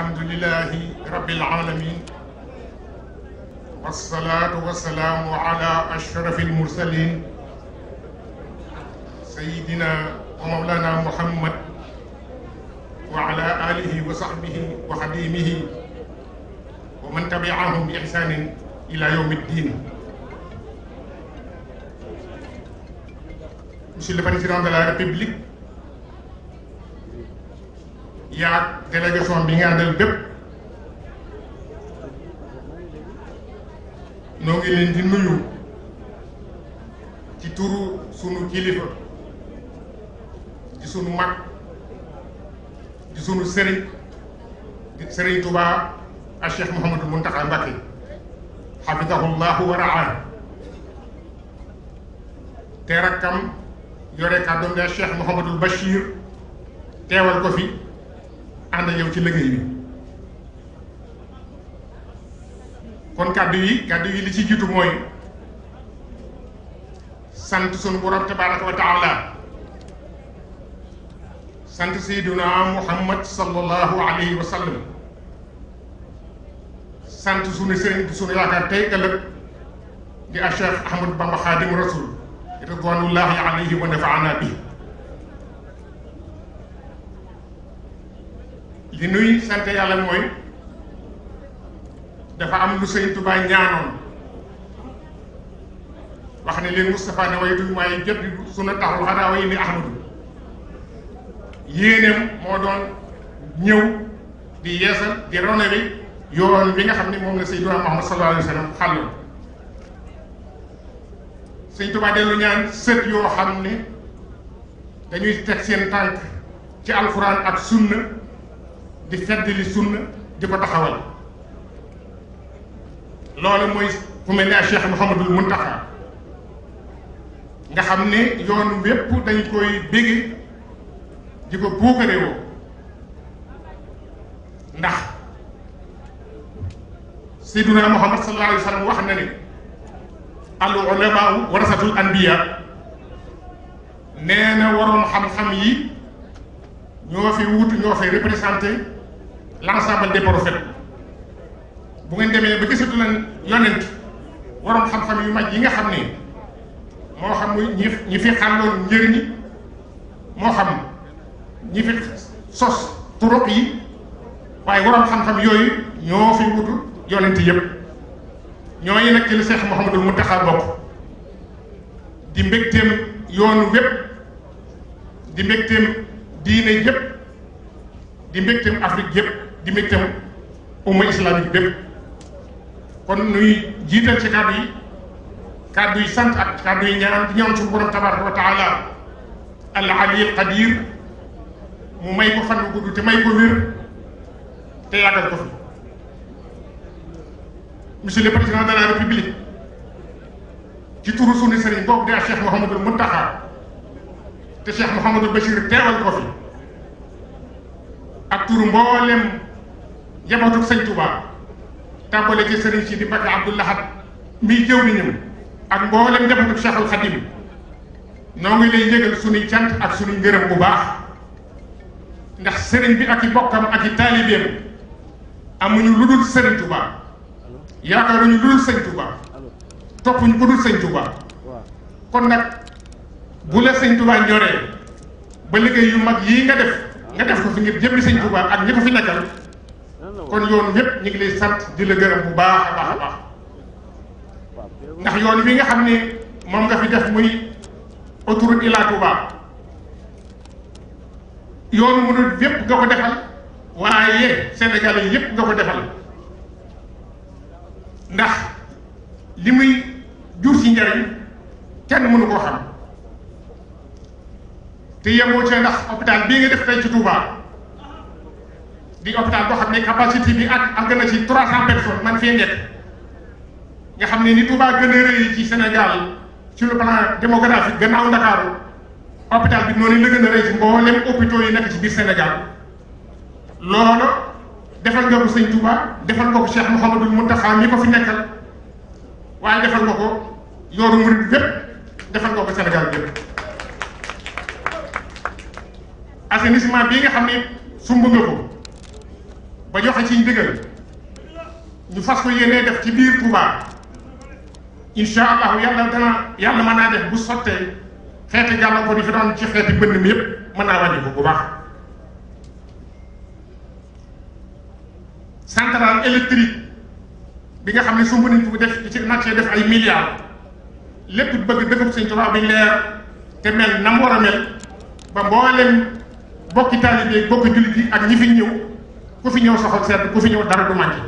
alhamdulillahi rabbil alamin wasalaatu wasalaamu ala ashrafil mursalin sayidina wa mawlana muhammad wa ala alihi wa sahbihi wa xadimihi wa man tabiahum bi ihsanin ila yawmi ddin monsieur le président de la république yaag délégation bi nga àndal bépp noo ngi leen di nuyu ci turu sunu kilifa ci sunu mag ci sunu sëriñ di sëriñ Tuubaa ak Cheikh Mouhamadou Mountakha Mbacké xafidahullahu wa raa te rakkam yore kàddoom de Cheikh Mouhamadou Bachir teewal ko fi ànd ak yow ci liggéey bi kon kàddu yi kàddu yi li ci jiitu mooy sant sunu borom tabaraka wa taala sant sayduna muhammad sallallahu alayhi wa sant sunu sëriñ bi sunu tey ëllëg di a cheikh ahmad bamba xaadim rasul ridwanullahi alayhi wa nafaana bi li nuy sant yàlla mooy dafa am lu sëñ Tuubaa ñaanoon wax ne leen Moustapha ne waytu waaye jot suna taxul xanaa way ni ahmadu yéeneem moo doon ñëw di yeesal di renover yoon bi nga xam ne moom la Seydina Muhammad sallallahu alayhi wa sallam xàlloon sëñ ñaan sët yoo xam ne dañuy teg seen tànk ci alxuraan ak sunna di feddali sunna di ko taxawal loolu mooy fu mel ak Cheikh Mouhamadul Muntaxa nga xam ne yoon wépp dañ koy bége di ko puukare woo ndax Seydina Muhammad sallallahu alayhi wa sallam wax na ne al ulamaau warasatul anbiya xam-xam yi ñoo fi wuutu ñoo fi représenté l'ensemble des prophètes bu ngeen demee ba gisatu leen yonent waroon xam-xam yu mag yi nga xam ni moo xam ñi ñi fi xàlloon njëriñi moo xam ñi fi sos turuq yi waaye waroon xam-xam yooyu ñoo fi wutu yonent yëpp ñooñu nag ci li Seex Muhammadul Muntaxa bokk di mbégteem yoonu wépp di mbégteem diine yëpp di mbégteem Afrique yëpp di mbégtam umma islamique bépp kon nuy jiital ci kàddu yi kàddu yi sant ak kàddu yi ñaan di ñaan suñu borom tabaraka wa taala al ali al qadir mu may ko fan gudd te may ko wér te yàggal ko fi monsieur le président de la république ci turu sunu sëriñ boobu di ak cheikh Mouhamadul Muntaxa te cheikh Mouhamadul Bachir teewal ko fi ak turu mboolem. njabootu sëñ Touba tàmbale ci sëriñ si di Mbacke Abdou Lahad miy jëw niñam ak mboolem njabootu Cheikh Al Khadim noo ngi lay yëgal suñuy cant ak suñuy ngërëm bu baax ndax sëriñ bi ak i bokkam ak i taalibeem amuñu lu dul sëriñ Touba yaakaaruñu lu dul sëñ Touba toppuñu ku dul sëñ Touba kon nag bu la sëñ Touba ñoree ba liggéey yu mag yii nga def nga def ko fi ngir jëmmi sëñ Touba ak ñëpp ko fi nekkal. kon yoon ñëpp ñu ngi lay sant di la gërëm bu baax a baax a baax ndax yoon wi nga xam ne moom nga fi def muy autoroute Ila Touba yoon mënul yëpp nga ko defal waaye Sénégalais yëpp nga ko defal ndax li muy jur ci njariñ kenn mënu koo xam te yemoo ci ndax hôpital bii nga def tey ci Touba. di hôpital boo xam ne capacité bi ak ak na ci trois cent personnes man fee nekk nga xam ne ni Touba gën a rëy ci Sénégal sur le plan démographique gannaaw Ndakaaru hôpital bi noonu la gën a rëy ci mboolem hôpitaux yi nekk ci biir Sénégal loolu defal nga ko sëñ Touba defal nga ko Cheikh Mouhamadul Mountakha mi ko fi nekkal waaye defal nga ko yoonu murid bépp defal nga ko Sénégal bépp assainissement bii nga xam ne sumb nga ko ba joxe ci ndigal ñu fas ko yéenee def ci biir Touba incha allahu yàlla dana yàlla man naa def bu sottee xeeti gàllankoor yi fi doon ci xeeti bënn mi yëpp man naa wàññi ko bu baax. centrale électrique bi nga xam ne su mënuñ ko def ci def ay milliards lépp bëgg dëkkub Sëñ Tuubaa bi leer te mel na mu war a mel ba mbooleem bokki taalibe bokki jullit yi ak ñi fi ñëw. ku fi ñëw soxal sedd ku fi ñëw dara du manqué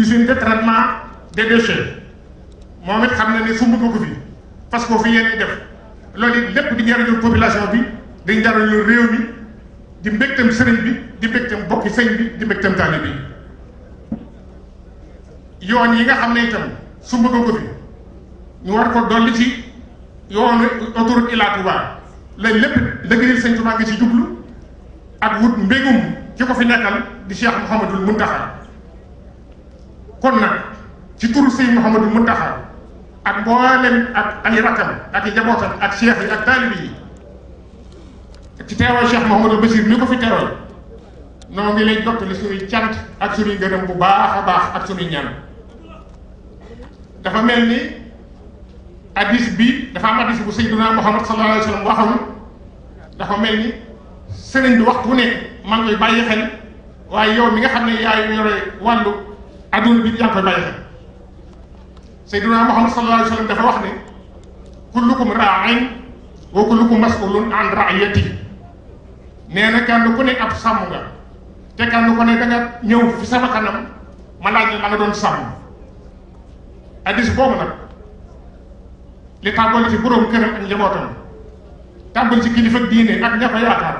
usine de traitement des déchets moom it xam na ne sumb ko ko fi parce que fi yéen def loolu it lépp di njëriñu population bi di njëriñu réew mi di mbégtam sëriñ bi di mbégtam bokki sëñ bi di mbégtam taalibe bi yoon yi nga xam ne itam sumb ko ko fi ñu war ko dolli ci yoonu autoroute Ila Touba lañ lépp liggéeyal sëñ Tuubaa ci jublu ak wut mbégum ki ko fi nekkal di Cheikh Mouhamadul Muntaxa kon nag ci turu sëñ Mouhamadul Muntaxa ak mboolem ak ay rakkam ak i jabootam ak cheikh yi ak taalib yi ci teewal Cheikh Mouhamadul Bachir mi ko fi teewal noo ngi lay jottali suñuy cant ak suñuy ngërëm bu baax a baax ak suñuy ñaan dafa mel ni. hadis bi dafa am hadis bu Seydina Muhammad sallallahu alayhi wa sallam dafa mel ni sëriñ bi waxtu nekk maa ngi koy bàyyi xel waaye yow mi nga xam ne yaay yore wàllu bi yaa ngi koy bàyyi xel Seydina Muhammad sallallahu alayhi wa sallam dafa wax ne kullukum ra'in wa kullukum mas'ulun an ra'iyatihi nee na kenn ku ne ab sàmm nga te kenn ku ne da ñëw fi sama kanam ma laaj la nga doon sàmm hadis boobu nag. li tàmbali ci borom këram ak njabootam tàmbali ci kilifa diine ak ña ko yaakaar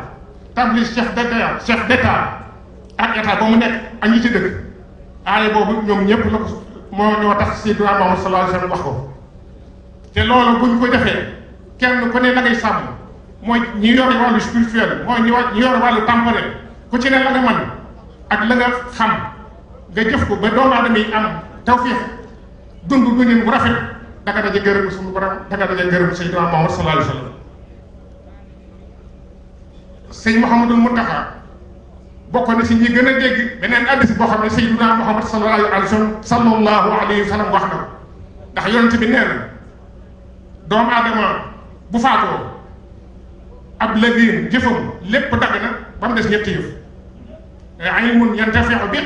tàmbali ci chef d'état chef ak état ba mu nekk ak ñi ci dëkk aaya boobu ñoom ñëpp la ko moo ñoo tax si Seydina Muhammad sallallahu alayhi wa wax ko te loolu buñ ko defee kenn ku ne la ngay sàmm mooy ñi yor wàllu spirituel mooy ñi ñi yor wàllu temporel ku ci ne la nga mën ak la nga xam nga jëf ko ba doomu aadama yi am tawfiix dund dundin bu rafet danga daje ngërëm suñu borom danga daje ngërëm Seydina Muhammad sallallahu alayhi wa sallam sëñ Mouhamadul Mountakha bokk na si ñi gën a dégg beneen hadiis boo xam ne Seydina Muhammad sallallahu alayhi wa sallam sallallahu alayhi wa sallam wax na ndax yonent bi nee na doomu aadama bu faatoo ab lëgin jëfam lépp dagg na ba mu des ñetti yëf ilmun yantafi'u bi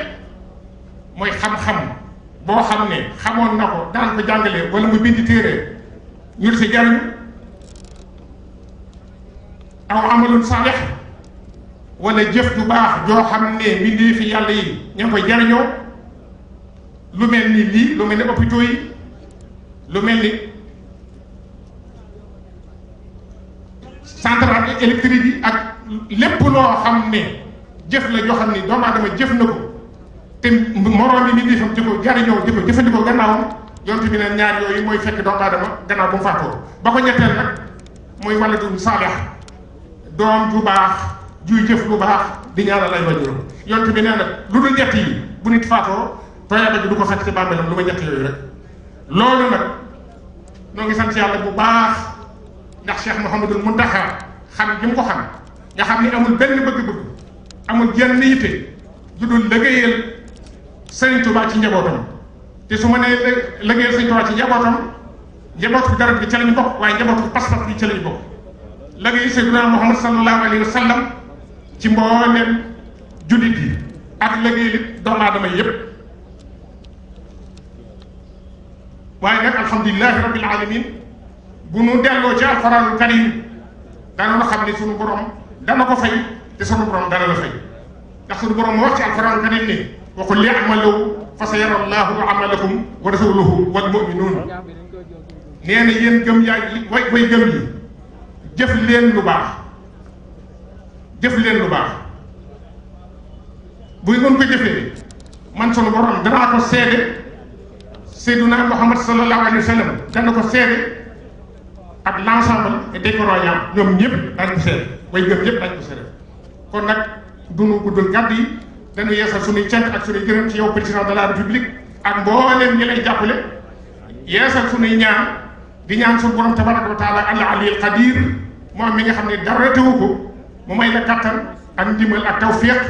mooy xam-xam. boo xam ne xamoon na ko daan ko jàngalee wala mu bind téere ñu si jariñ aw amalun saalix wala jëf bu baax joo xam ne mbindee fi yàlla yi ña koy jariñoo lu mel ni lii lu mel ni hôpitaux yi lu mel ni centrale électrique yi ak lépp loo xam ne jëf la joo xam ne doomu aadama jëf na ko te moroom yi nit ñi fam di ko jariñoo di ko jëfandikoo gannaawam yonte bi ne ñaar yooyu mooy fekk doomu aadama gannaaw bu mu faatoo ba ko ñetteel nag muy waladun saalih doom ju baax juy jëf lu baax di ñaanal ay wajuram yonte bi nee nag lu dul ñett yi bu nit faatoo toyaaba ji du ko fekk ci bàmmeelam lu ma ñett yooyu rek loolu nag noo ngi sant yàlla bu baax ndax Cheikh Mouhamadul Muntaxa xam gi mu ko xam nga xam ni amul benn bëgg-bëgg amul jenn yitte sëriñ Touba ci njabootam te su ma nee liggéeyal sëriñ Touba ci njabootam njabootu dara bi ci lañu bokk waaye njabootu pas-pas bi ci lañu bokk ci mboolem jullit yi ak liggéey doomu aadama yépp waaye nag alhamdulilahi rabbil alamin bu nu delloo ci alxuraanul karim dana xam ne sunu borom dana ko fay te sunu borom dana la fay ndax sunu borom moo wax ci alxuraanul karim ni وقل اعملوا فسيرى الله عملكم ورسوله والمؤمنون nee na yéen gëm yaa way way gëm yi jëf leen lu baax jëf leen lu baax bu ngeen ko jëfee man sunu borom danaa ko seede Seyduna Muhammad sallallahu alayhi wa sallam dana ko seede ak l'ensemble des croyants ñoom ñëpp dañ ko seede way gëm ñëpp dañ ko seede kon nag dunu guddul kàddu yi dañu yeesal suñuy cant ak suñuy gërëm ci yow président de la république ak mbooleem ñi lay jàppale yeesal suñuy ñaan di ñaan suñu borom tabaraka wa taala al aliyul qadir moom mi nga xam ne dara teewu ko mu may la kattan ak ndimbal ak tawfiq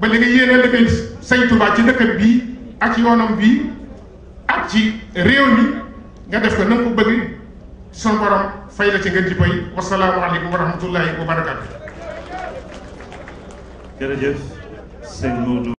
ba li nga yéene liggéey say ci dëkkam bii ak ci yoonam bii ak ci réew nga def ka na nga ko bëgg suñu borom fay ci ngeen ji bay wasalaamualeykum wa rahmatullahi wa barakatu sëñ